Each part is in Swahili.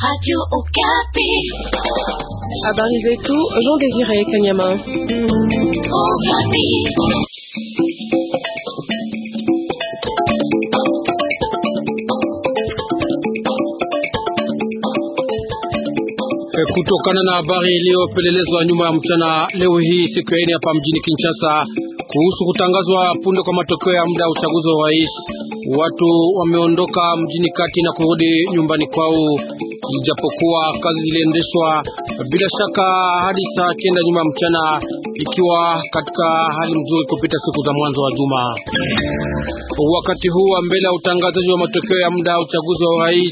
Radio Okapi. Habari zetu Jean Desire Kanyama. Okapi. Eh, kutokana na habari iliyopelelezwa nyuma ya mchana leo hii siku ya ine hapa mjini Kinshasa kuhusu kutangazwa punde kwa matokeo ya muda ya uchaguzi wa rais, watu wameondoka mjini kati na kurudi nyumbani kwao, ijapokuwa kazi ziliendeshwa bila shaka hadi saa kenda nyuma mchana, ikiwa katika hali mzuri kupita siku za mwanzo wa juma. Wakati huu wa mbele ya utangazaji wa matokeo ya muda ya uchaguzi wa rais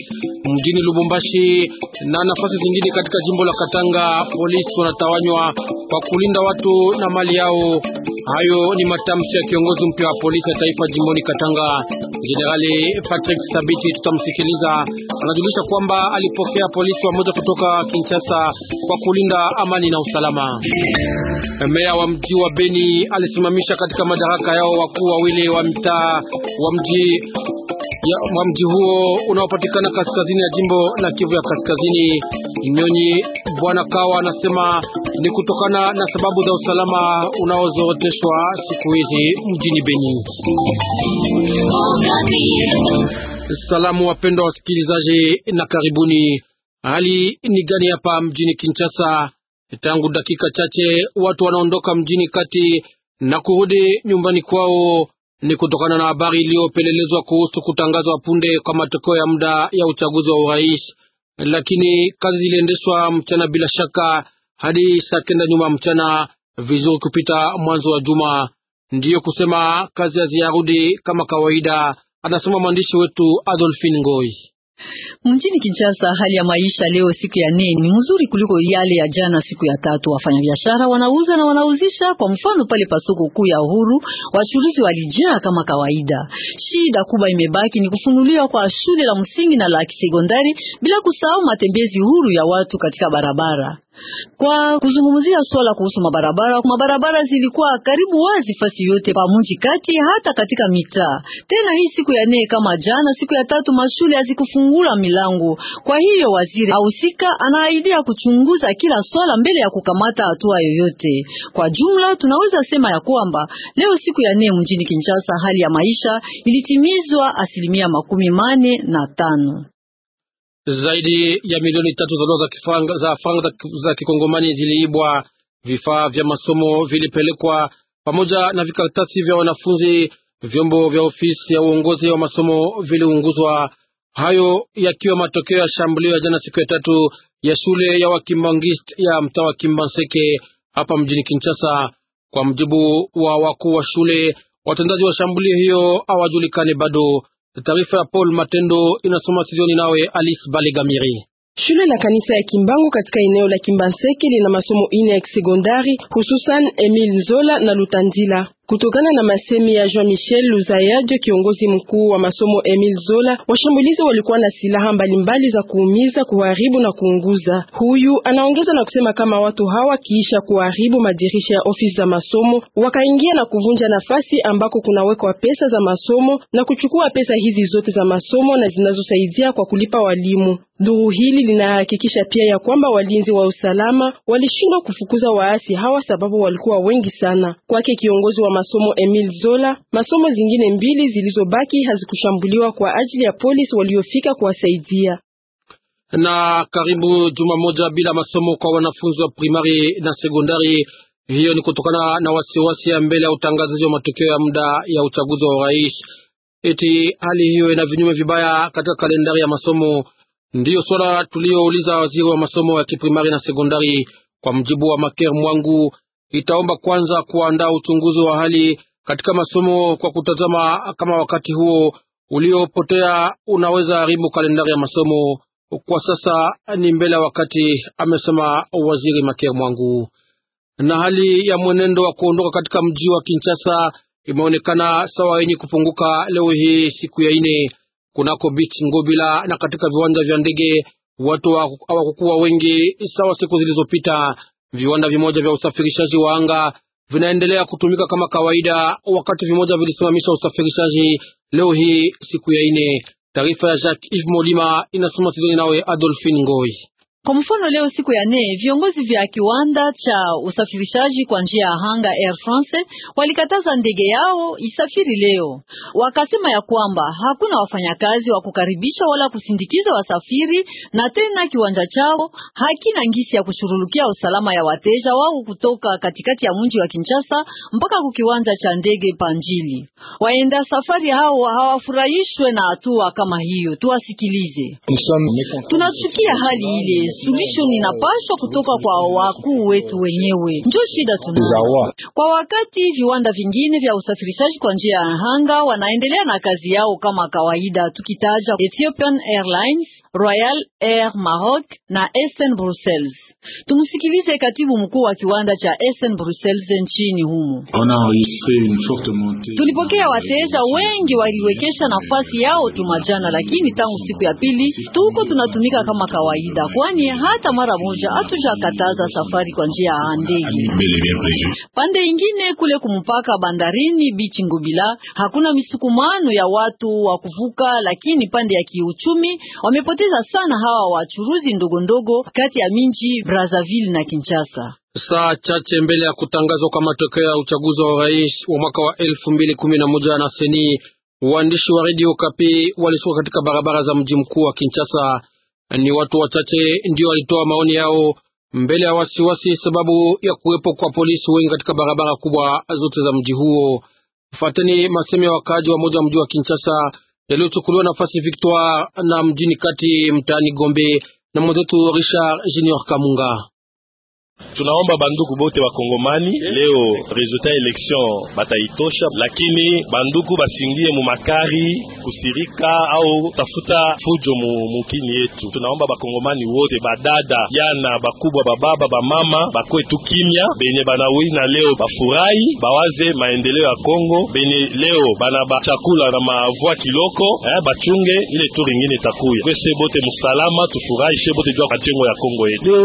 mjini Lubumbashi na nafasi zingine katika jimbo la Katanga, polisi wanatawanywa kwa kulinda watu na mali yao. Hayo ni matamshi ya kiongozi mpya wa polisi ya taifa jimboni Katanga, Jenerali Patrick Sabiti. Tutamsikiliza. Anajulisha kwamba alipokea polisi wamoja kutoka Kinshasa kwa kulinda amani na usalama. Meya wa mji wa Beni alisimamisha katika madaraka yao wakuu wawili wa mitaa wa mji wa mji huo unaopatikana kaskazini ya jimbo la Kivu ya Kaskazini. Nyonyi Bwana Kawa anasema ni kutokana na sababu za usalama unaozoroteshwa siku hizi mjini Beni. Salamu wapendwa wasikilizaji, na karibuni. Hali ni gani hapa mjini Kinshasa? Tangu dakika chache watu wanaondoka mjini kati na kurudi nyumbani kwao, ni kutokana na habari iliyopelelezwa kuhusu kutangazwa punde kwa matokeo ya muda ya uchaguzi wa urais, lakini kazi ziliendeshwa mchana bila shaka hadi saa kenda nyuma mchana, vizuri kupita mwanzo wa juma. Ndiyo kusema kazi haziyarudi kama kawaida, anasema mwandishi wetu Adolfin Ngoi. Mjini Kinshasa hali ya maisha leo siku ya nne ni mzuri kuliko yale ya jana siku ya tatu. Wafanyabiashara wanauza na wanauzisha. Kwa mfano pale pasoko kuu ya Uhuru wachuruzi walijaa kama kawaida. Shida kubwa imebaki ni kufunuliwa kwa shule la msingi na la sekondari, bila kusahau matembezi huru ya watu katika barabara. Kwa kuzungumzia swala kuhusu mabarabara, mabarabara zilikuwa karibu wazi fasi yote pa mji kati, hata katika mitaa. Tena hii siku ya nne kama jana, siku ya tatu, mashule hazikufungula milango. Kwa hiyo waziri ahusika anaahidia kuchunguza kila swala mbele ya kukamata hatua yoyote. Kwa jumla, tunaweza sema ya kwamba leo siku ya nne mjini Kinshasa hali ya maisha ilitimizwa asilimia makumi mane na tano zaidi ya milioni tatu za dola za franga za kikongomani ziliibwa. Vifaa vya masomo vilipelekwa pamoja na vikaratasi vya wanafunzi. Vyombo vya ofisi ya uongozi wa masomo viliunguzwa, hayo yakiwa matokeo ya shambulio ya jana siku ya tatu ya shule ya Wakimbangist ya mtaa wa Kimbanseke hapa mjini Kinshasa. Kwa mjibu wa wakuu wa shule, watendaji wa shambulio hiyo hawajulikani bado. Taarifa ya Paul Matendo inasoma studioni nawe Alice Balegamiri. Shule la kanisa ya Kimbangu katika eneo la Kimbanseke lina masomo ine ya kisekondari hususan Emile Nzola na Lutandila. Kutokana na masemi ya Jean-Michel Luzayad, kiongozi mkuu wa masomo Emile Zola, washambulizi walikuwa na silaha mbalimbali za kuumiza, kuharibu na kuunguza. Huyu anaongeza na kusema kama watu hawa kiisha kuharibu madirisha ya ofisi za masomo, wakaingia na kuvunja nafasi ambako kunawekwa pesa za masomo na kuchukua pesa hizi zote za masomo na zinazosaidia kwa kulipa walimu. Duru hili linahakikisha pia ya kwamba walinzi wa usalama walishindwa kufukuza waasi hawa sababu walikuwa wengi sana. Kwake kiongozi wa masomo Emil Zola, masomo zingine mbili zilizobaki hazikushambuliwa kwa ajili ya polisi waliofika kuwasaidia na karibu juma moja bila masomo kwa wanafunzi wa primari na sekondari. Hiyo ni kutokana na wasiwasi ya mbele ya utangazaji wa matokeo ya muda ya uchaguzi wa urais. Eti hali hiyo ina vinyume vibaya katika kalendari ya masomo. Ndiyo swala tuliyouliza waziri wa masomo ya kiprimari na sekondari, kwa mjibu wa Maker Mwangu, itaomba kwanza kuandaa uchunguzi wa hali katika masomo kwa kutazama kama wakati huo uliopotea unaweza haribu kalendari ya masomo. Kwa sasa ni mbele ya wakati, amesema waziri Maker Mwangu. Na hali ya mwenendo wa kuondoka katika mji wa Kinshasa imeonekana sawa yenye kupunguka leo hii siku ya ine kunako beach Ngobila na katika viwanja vya ndege watu hawakukuwa wengi sawa siku zilizopita. Viwanda vimoja vya usafirishaji wa anga vinaendelea kutumika kama kawaida, wakati vimoja vilisimamisha usafirishaji leo hii siku ya ine. Taarifa ya Jacques Yves Molima inasoma Sizoni nawe Adolphine Ngoi. Kwa mfano leo siku ya nne, viongozi vya kiwanda cha usafirishaji kwa njia ya hanga Air France walikataza ndege yao isafiri leo. Wakasema ya kwamba hakuna wafanyakazi wa kukaribisha wala kusindikiza wasafiri, na tena kiwanja chao hakina ngisi ya kushurulukia usalama ya wateja wao kutoka katikati ya mji wa Kinshasa mpaka ku kiwanja cha ndege Panjili. Waenda safari hao hawafurahishwe na hatua kama hiyo. Tuwasikilize. Tunashukia hali ile suluhisho linapaswa kutoka kwa wakuu wetu wenyewe, Ndio shida tunayo. Kwa wakati viwanda vingine vya usafirishaji kwa njia ya anga wanaendelea na kazi yao kama kawaida, tukitaja Ethiopian Airlines, Royal Air Maroc na Essen Brussels. Tumsikilize katibu mkuu wa kiwanda cha Essen Brussels nchini humo. Tulipokea wateja wengi waliwekesha nafasi yao tumajana lakini tangu siku ya pili tuko tunatumika kama kawaida, kwani kwenye hata mara moja hatujakataza safari kwa njia ya ndege. Pande ingine kule kumpaka bandarini bichi Ngubila hakuna misukumano ya watu wa kuvuka, lakini pande ya kiuchumi wamepoteza sana hawa wachuruzi ndogo ndogo kati ya minji Brazzaville na Kinshasa. Saa chache mbele ya kutangazwa kwa matokeo ya uchaguzi wa rais wa mwaka wa elfu mbili kumi na moja na seni, waandishi wa redio Kapi walisuka katika barabara za mji mkuu wa Kinshasa. Ni watu wachache ndio walitoa maoni yao mbele ya wasiwasi sababu ya kuwepo kwa polisi wengi katika barabara kubwa zote za mji huo. Fateni maseme ya wakaaji wa moja wa mji wa Kinshasa yaliyochukuliwa nafasi Victoire na mjini kati mtaani Gombe na mwenzetu Richard Junior Kamunga. Tunaomba banduku bote bakongomani leo resultat election bataitosha, lakini banduku basingie mumakari kusirika au tafuta fujo mukini yetu. Tunaomba bakongomani wote badada, yana bakubwa, bababa, bamama bakwe tu kimya, benye banawina leo bafurahi, bawaze maendeleo ya Kongo, benye leo bana bachakula na mavua kiloko eh, bachunge ile turi ingine itakuya. Kwese bote musalama, tufurahi she bote jua majengo ya Kongo yetu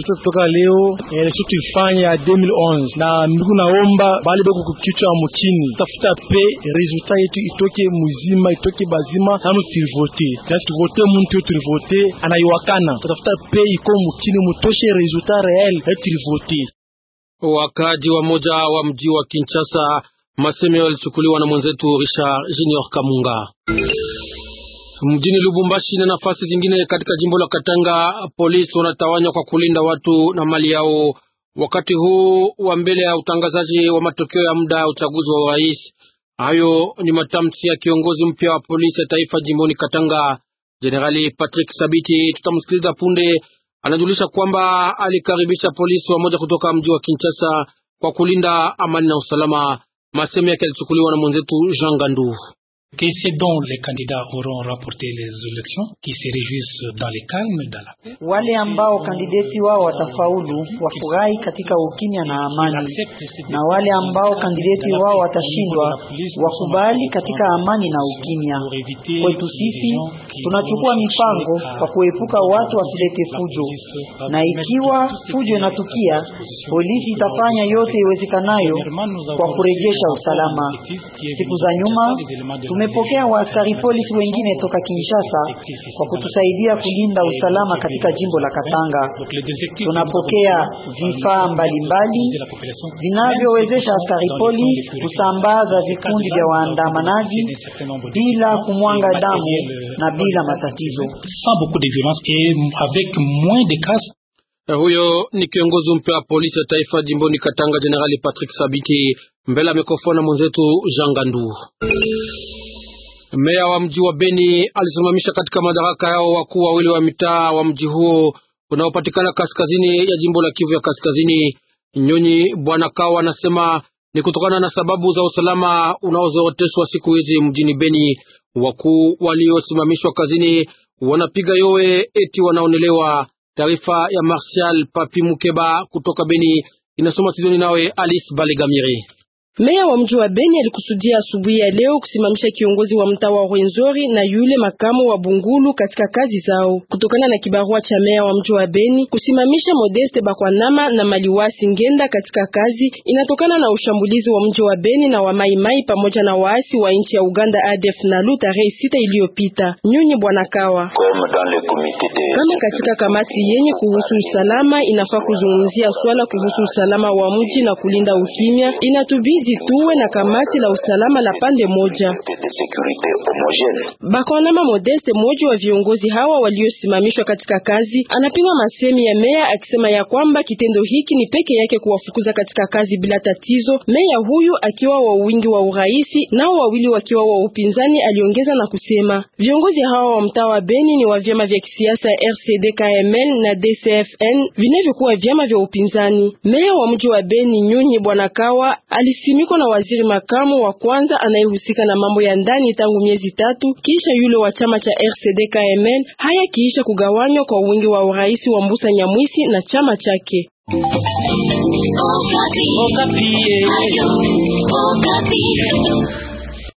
resultat toka leo eleksio eh, tulifanya ya 2011 na ndugu naomba bale beko kukichwa mchini tafuta pe eh, resultat yetu itoke muzima itoke bazima sanu tulivote na tulivote muntu yo tulivote anaiwakana tafuta pe iko mchini mutoshe resultat real yo eh, tulivote. Wakaji wa moja wa mji wa Kinshasa, masemeo yalichukuliwa na mwenzetu Richard Junior Kamunga. Mjini Lubumbashi na nafasi zingine katika jimbo la Katanga, polisi wanatawanywa kwa kulinda watu na mali yao, wakati huu wa mbele ya utangazaji wa matokeo ya muda ya uchaguzi wa urais. Hayo ni matamshi ya kiongozi mpya wa polisi ya taifa jimboni Katanga, Jenerali Patrick Sabiti. Tutamsikiliza punde. Anajulisha kwamba alikaribisha polisi wamoja kutoka mji wa Kinshasa kwa kulinda amani na usalama. Maseme yake yalichukuliwa na mwenzetu Jean Gandu que c'est dont les candidats auront rapporté les élections qui se réjouissent dans les calmes, dans la paix. Wale ambao kandideti wao watafaulu wafurahi katika ukimya na amani, na wale ambao kandideti wao watashindwa wakubali katika amani na ukimya. Kwetu sisi tunachukua mipango kwa kuepuka watu wasilete fujo, na ikiwa fujo inatukia, polisi itafanya yote iwezekanayo kwa kurejesha usalama. Siku za nyuma Tumepokea waaskari polisi wengine toka Kinshasa kwa kutusaidia kulinda usalama katika jimbo la Katanga. Tunapokea vifaa mbalimbali vinavyowezesha askari polisi kusambaza vikundi vya waandamanaji bila kumwanga damu na bila matatizo. Eh, huyo ni kiongozi mpya wa polisi ya taifa jimboni Katanga, Jenerali Patrick Sabiti, mbele ya mikrofoni mwenzetu Jean Gandu. Meya wa mji wa Beni alisimamisha katika madaraka yao wakuu wawili wa mitaa wa mji huo unaopatikana kaskazini ya jimbo la Kivu ya Kaskazini. Nyonyi Bwana Kao anasema ni kutokana na sababu za usalama unaozoroteshwa siku hizi mjini Beni. Wakuu waliosimamishwa kazini wanapiga yowe, eti wanaonelewa. Taarifa ya Marshal Papi Mukeba kutoka Beni inasoma sizoni nawe Alice Balegamiri. Meya wa mji wa Beni alikusudia asubuhi ya leo kusimamisha kiongozi wa mtaa wa Rwenzori na yule makamu wa Bungulu katika kazi zao kutokana na kibarua cha meya wa mji wa Beni. Kusimamisha Modeste Bakwanama na Maliwasi Ngenda katika kazi inatokana na ushambulizi wa mji wa Beni na wa Maimai pamoja na waasi wa nchi ya Uganda ADF NALU tarehe sita iliyopita. Nyunyi bwana Kawa, kama katika kamati yenye kuhusu usalama, inafaa kuzungumzia swala kuhusu usalama wa mji na kulinda ukimya inatubi inabidi tuwe na kamati la usalama la pande moja. Bakonama Modeste, mmoja wa viongozi hawa waliosimamishwa katika kazi, anapinga masemi ya meya akisema ya kwamba kitendo hiki ni peke yake kuwafukuza katika kazi bila tatizo. Meya huyu akiwa wa wingi wa uraisi, nao wawili wakiwa wa upinzani, aliongeza na kusema viongozi hawa wa mtaa wa Beni ni wa vyama vya kisiasa RCD KML na DCFN vinavyokuwa vyama vya upinzani. Meya wa mji wa Beni Nyunyi Bwana Kawa alisi inasimikwa na waziri makamu wa kwanza anayehusika na mambo ya ndani tangu miezi tatu kisha yule wa chama cha RCD KMN, haya kiisha kugawanywa kwa wingi wa urais wa Mbusa Nyamwisi na chama chake. Okapi. Okapi.